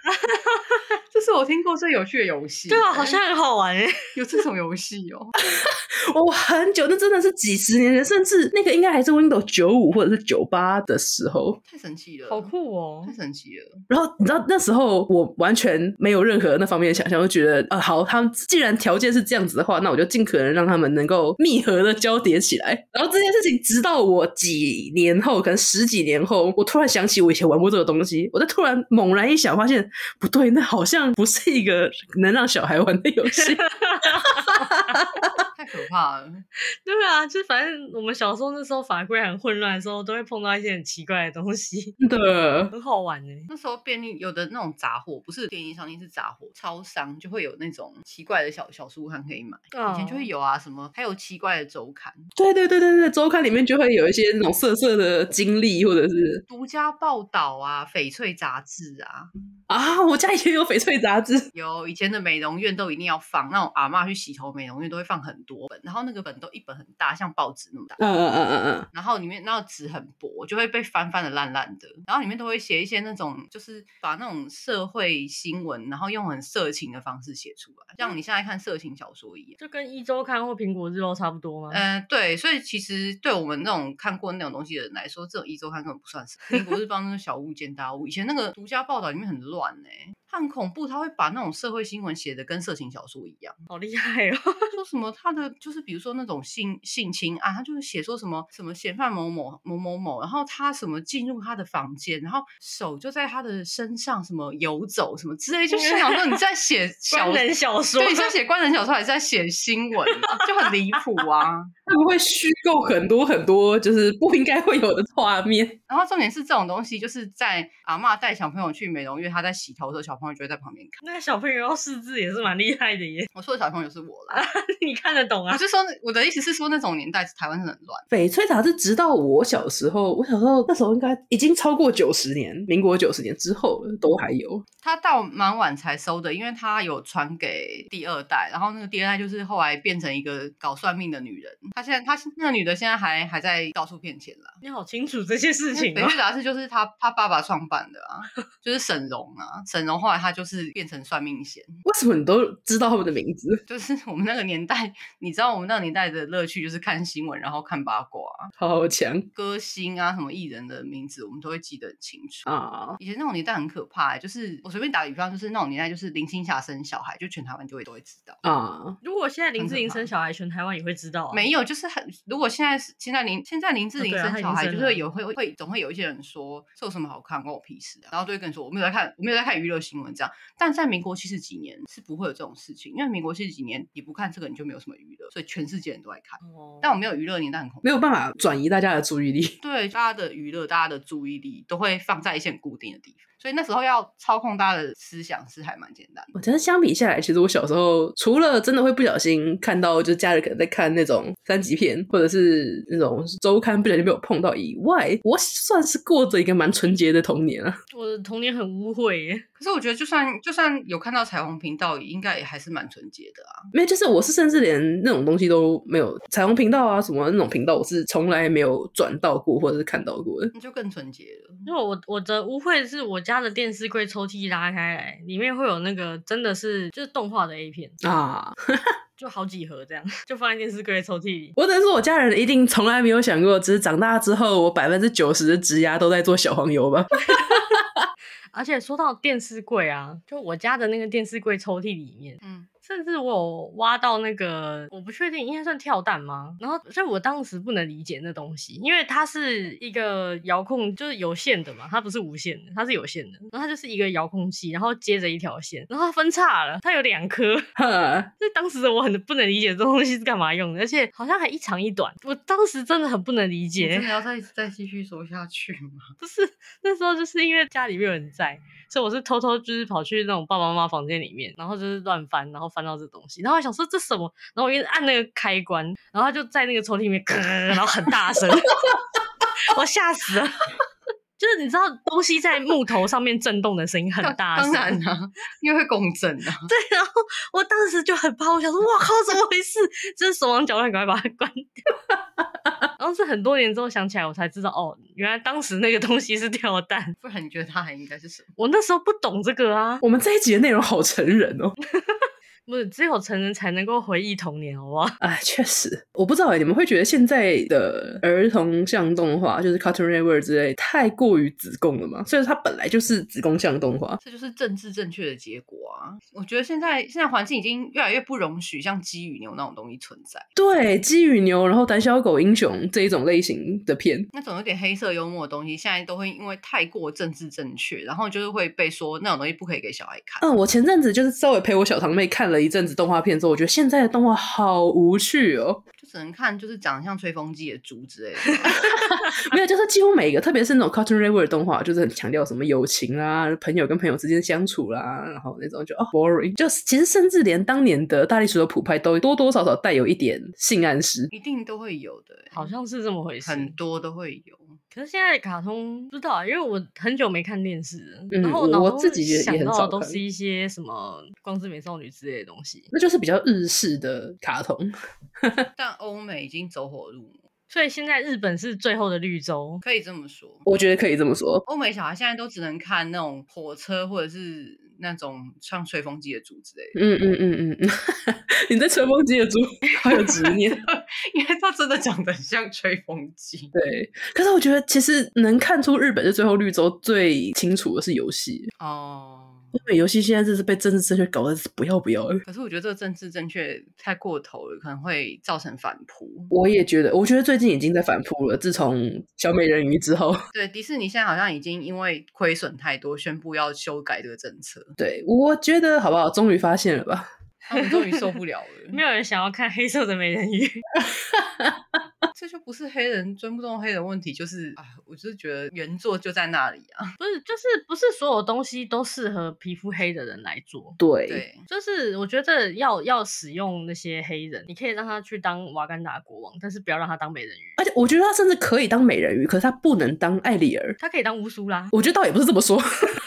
我聽過最有趣的遊戲，對啊，好像很好玩哎，欸， 有這種遊戲哦。 我玩很久，那真的是幾十年，甚至那個應該還是 Windows 九五或者是九八的時候。太神奇了，好酷哦，太神奇了。然後你知道那時候我完全沒有任何那方面的想象，我覺得呃，好，他們既然條件是這樣子的話，那我就盡可能讓他們能夠密合的交疊起來。然後這件事情直到我幾年後，可能十幾年後，我突然想起我以前玩過這個東西，我就突然猛然一想，發現不對，那好像。不是一個能讓小孩玩的遊戲， 太可怕了。對啊，就反正我們小時候那時候法規很混亂的時候，都會碰到一些很奇怪的東西。對，很好玩的、欸、那時候便利有的那種雜貨，不是便利商店是雜貨，超商就會有那種奇怪的小小書刊可以買。對、哦。以前就會有啊，什麼還有奇怪的週刊。對對對對對，週刊裡面就會有一些那種色色的經歷，或者是獨家報道啊、翡翠雜誌啊啊，我家以前有翡翠雜。有以前的美容院都一定要放那種阿嬤去洗頭，美容院都會放很多本，然後那個本都一本很大，像報紙那麼大。嗯嗯嗯嗯，然後裡面那個紙很薄，就會被翻翻的爛爛的。然後裡面都會寫一些那種，就是把那種社會新聞，然後用很色情的方式寫出來，像你現在看色情小說一樣。就跟一周刊或蘋果日報差不多嗎？嗯，對。所以其實對我們那種看過那種東西的人來說，這種一周刊根本不算什麼。蘋果日報那種小巫見大巫。 以前那個獨家報道裡面很亂呢、欸。他很恐怖，他會把那種社會新聞寫的跟色情小說一樣，好厲害哦！說什麼他的就是，比如說那種性性侵案、啊，他就是寫說什麼什麼嫌犯某某，某某某某，然後他什麼進入他的房間，然後手就在他的身上什麼游走什麼之類，就是想說你在寫小人小說，對，你在寫官能小說，還是在寫新聞，就很離譜啊。 會不會虛構很多很多，就是不應該會有的畫面？然後重點是這種東西，就是在阿嬤帶小朋友去美容院，她在洗頭的時候，小朋友就會在旁邊看。那個小朋友要識字也是蠻厲害的耶！我說的小朋友是我啦， 你看得懂啊？我是說，我的意思是說，那種年代台灣真的很亂。翡翠塔是直到我小時候，我小時候那時候應該已經超過九十年，民國九十年之後了都還有。他到蠻晚才收的，因為他有傳給第二代，然後那個第二代就是後來變成一個搞算命的女人。他現在，他那個女的現在還還在到處騙錢了。你好清楚這些事情、啊。等於說是就是他他爸爸創辦的啊， 就是沈榮啊，沈榮後來他就是變成算命仙。為什麼你都知道他們的名字？就是我們那個年代，你知道我們那個年代的樂趣就是看新聞，然後看八卦、啊，好強。歌星啊，什麼藝人的名字，我們都會記得很清楚啊。以前那種年代很可怕、欸，就是我隨便打個比方，就是那種年代，就是林青霞生小孩，就全台灣就會都會知道啊。如果現在林志玲生小孩，全台灣也會知道啊。啊沒有。就是很，如果現在是現在林現在林志玲生小孩，就是有會、哦啊、會，會總會有一些人說這有什麼好看，關我屁事啊，然後就會跟你說我沒有在看，我沒有在看娛樂新聞這樣。但在民國七十幾年是不會有這種事情，因為民國七十幾年你不看這個，你就沒有什麼娛樂，所以全世界人都在看。但我沒有娛樂，年代很恐怖，沒有辦法轉移大家的注意力。對，大家的娛樂，大家的注意力都會放在一些很固定的地方。所以那時候要操控大家的思想是還蠻簡單的。我覺得相比下來，其實我小時候除了真的會不小心看到，就家裡可能在看那種三級片，或者是那種週刊，不小心被我碰到以外，我算是過着一個蠻純潔的童年啊。我的童年很污穢耶。可是我覺得，就算就算有看到彩虹頻道，應該也還是蠻純潔的啊。沒有，就是我是甚至連那種東西都沒有彩虹頻道啊，什麼那種頻道，我是從來沒有轉到過或者是看到過的。那就更純潔了。因為我我的污穢是我家的電視櫃抽屜拉開來，裡面會有那個真的是就是動畫的 A 片啊， 就好幾盒這樣，就放在電視櫃抽屜裡。我只能說，我家人一定從來沒有想過，只是長大之後，我百分之九十的職涯都在做小黃油吧。 而且說到電視櫃啊，就我家的那個電視櫃抽屜裡面，嗯。甚至我有挖到那個，我不確定應該算跳蛋嗎？然後所以我當時不能理解那東西，因為它是一個遙控，就是有線的嘛，它不是無線的，它是有線的。然後它就是一個遙控器，然後接着一條線，然後它分叉了，它有兩顆。哈，所以當時的我很不能理解這東西是幹嘛用的，而且好像還一長一短。我當時真的很不能理解。你要再再繼續說下去嗎？不是，那時候就是因為家裡沒有人在。所以我是偷偷就是跑去那種爸爸媽媽房間裡面，然後就是亂翻，然後翻到這東西，然後我想說這什麼，然後我一直按那個開關，然後它就在那個抽屜裡面咯，然後很大聲， 我嚇死了。就是你知道東西在木頭上面震動的聲音很大聲啊，因為會共振啊。對，然後我當時就很怕，我想說哇靠，怎麼回事？就是手忙腳亂，趕快把它關掉。哈哈哈。當時很多年之後想起來，我才知道哦，原來當時那個東西是跳蛋。不然你覺得它還應該是什麼？我那時候不懂這個啊。 我們這一集的內容好成人哦。 不是，只有成人才能夠回憶童年，好不好？哎，確實，我不知道哎，你們會覺得現在的兒童向動畫，就是 Cartoon Network 之類，太過於子宮了嗎？所以它本來就是子宮向動畫，這就是政治正確的結果。我覺得現在現在環境已經越來越不容許像雞與牛那種東西存在。對，雞與牛，然後膽小狗英雄這一種類型的片，那種有點黑色幽默的東西，現在都會因為太過政治正確，然後就是會被說那種東西不可以給小孩看。嗯，我前陣子就是稍微陪我小堂妹看了一陣子動畫片之後，我覺得現在的動畫好無趣哦，就只能看就是長得像吹風機的豬之類的， 沒有，就是幾乎每一個，特別是那種 Cartoon Network 的動畫，就是很強調什麼友情啦、啊、朋友跟朋友之間相處啦、啊，然後那種。就哦、oh,，boring，就是，其實甚至連當年的大力水手的普派都多多少少帶有一點性暗示，一定都會有的，好像是這麼回事，很多都會有。可是現在卡通不知道，啊，因為我很久沒看電視、嗯，然後我自己想到的都是一些什麼光之美少女之類的東西，嗯、也也那就是比較日式的卡通。 但歐美已經走火入魔，所以現在日本是最後的綠洲，可以這麼說，我覺得可以這麼說。歐美小孩現在都只能看那種火車或者是。那種像吹風機的竹子嘞，嗯嗯嗯嗯嗯，嗯嗯 你對吹風機的竹，好有執念， 因為它真的長得很像吹風機。對，可是我覺得其實能看出日本的最後綠洲最清楚的是遊戲哦。Oh. 因為遊戲現在就是被政治正確搞得不要不要的。可是我覺得這個政治正確太過頭了，可能會造成反撲。我也覺得，我覺得最近已經在反撲了。自從小美人魚之後，對，迪士尼現在好像已經因為虧損太多，宣布要修改這個政策。對，我覺得，好不好？終於發現了吧？他們終於受不了了。 沒有人想要看黑色的美人魚。 這就不是黑人尊不尊重黑人問題，就是啊，我就是覺得原作就在那裡啊，不是，就是不是所有東西都適合皮膚黑的人來做，對，對，就是我覺得要要使用那些黑人，你可以讓他去當瓦干達國王，但是不要讓他當美人魚，而且我覺得他甚至可以當美人魚，可是他不能當艾麗爾，他可以當烏蘇拉，我覺得倒也不是這麼說。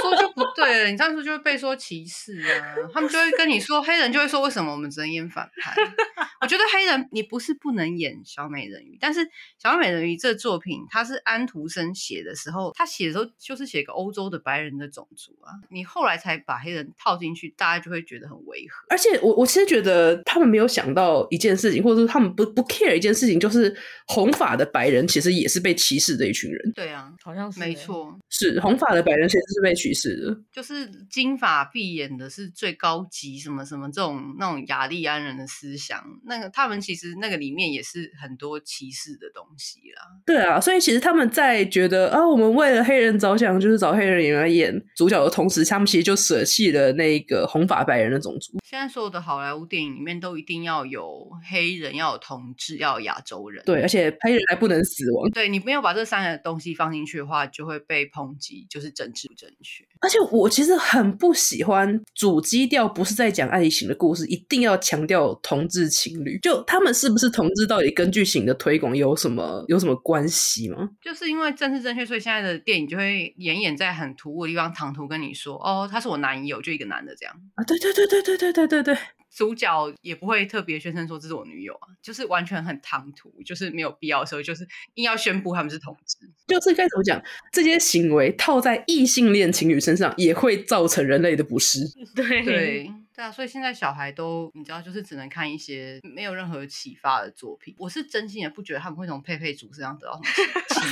說就不對了，你這樣說就會被說歧視啊！他們就會跟你說， 黑人就會說，為什麼我們只能演反派？ 我覺得黑人你不是不能演小美人魚，但是小美人魚這作品，它是安徒生寫的時候，他寫的時候就是寫一個歐洲的白人的種族啊。你後來才把黑人套進去，大家就會覺得很違和。而且我我其實覺得他們沒有想到一件事情，或者是他們不不 care 一件事情，就是紅髮的白人其實也是被歧視的一群人。對啊，好像是沒錯，是紅髮的白人其實是被歧視。就是金髮碧眼的是最高級什麼什麼這種那種雅利安人的思想，那個他們其實那個裡面也是很多歧視的東西啦。對啊，所以其實他們在覺得啊，我們為了黑人着想，就是找黑人演員來演主角的同時，他們其實就舍棄了那個紅髮白人的種族。現在所有的好萊塢電影裡面都一定要有黑人，要有同志，要有亞洲人。對，而且黑人還不能死亡。對，你沒有把這三樣東西放進去的話，就會被抨擊，就是政治不正確。而且我其實很不喜歡主基調不是在講愛情的故事，一定要強調同志情侶。就他們是不是同志，到底跟劇情的推廣有什麼有什麼關係嗎？就是因為政治正確，所以現在的電影就會演演在很突兀的地方，唐突跟你說：“哦，他是我男友，就一個男的這樣。”啊，對對對對對對對對對。主角也不會特別宣稱說這是我女友啊，就是完全很唐突，就是沒有必要的時候，就是硬要宣布他們是同志，就是該怎麼講，這些行為套在異性戀情侶身上也會造成人類的不適。對對對啊，所以現在小孩都你知道，就是只能看一些沒有任何啟發的作品。我是真心也不覺得他們會從佩佩豬身上得到什麼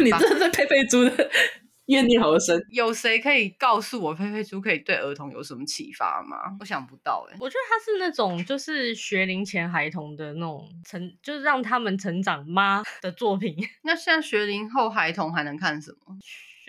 啟發 你真的是佩佩豬的。怨念何生？有誰可以告訴我，《菲菲豬》可以對兒童有什麼啟發嗎？我想不到哎、欸，我覺得它是那種就是學齡前孩童的那種成，就是讓他們成長媽的作品。 那像學齡後孩童還能看什麼？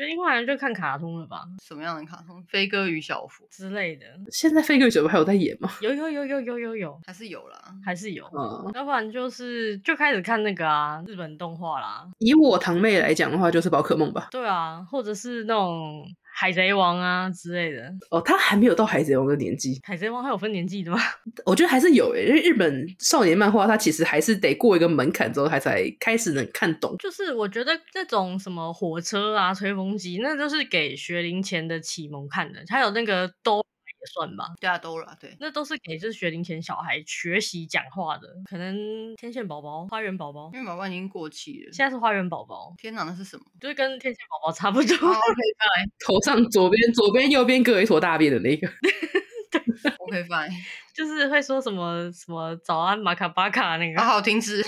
另外就看卡通了吧，什麼樣的卡通？飛哥與小佛之類的。現在飛哥與小佛還有在演嗎？有,有有有有有有有，還是有啦，還是有。嗯，要不然就是就開始看那個啊，日本動畫啦。以我堂妹來講的話，就是寶可夢吧。對啊，或者是那種。海賊王啊之類的哦，他還沒有到海賊王的年紀。海賊王還有分年紀的嗎？我覺得還是有誒，因為日本少年漫畫，它其實還是得過一個門檻之後，它才開始能看懂。就是我覺得那種什麼火車啊、吹風機，那就是給學齡前的啟蒙看的。還有那個都。也算吧，對啊，都了，對，那都是給就是學齡前小孩學習講話的，可能天線寶寶、花園寶寶，因為寶寶已經過氣了，現在是花園寶寶。天哪，那是什麼？就是跟天線寶寶差不多，oh, okay, right. 頭上左邊左邊右邊各一坨大便的那個。 對，OK fine 就是會說什麼什麼早安馬卡巴卡那個， 啊、好停止，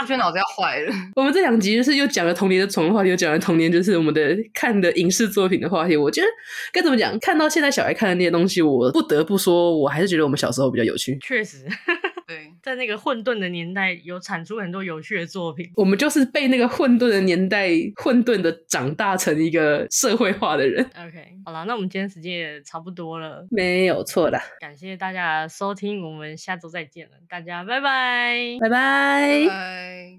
我覺得腦子要壞了。 我們這兩集就是又講了童年的寵物話題，又講了童年，就是我們的看的影視作品的話題。我覺得該怎麼講？看到現在小孩看的那些東西，我不得不說，我還是覺得我們小時候比較有趣。確實。在那個混沌的年代，有產出很多有趣的作品。我們就是被那個混沌的年代混沌的長大成一個社會化的人。OK，好啦，那我們今天時間也差不多了，沒有錯啦。感謝大家收聽，我們下周再見了，大家拜拜，拜拜，拜。Bye bye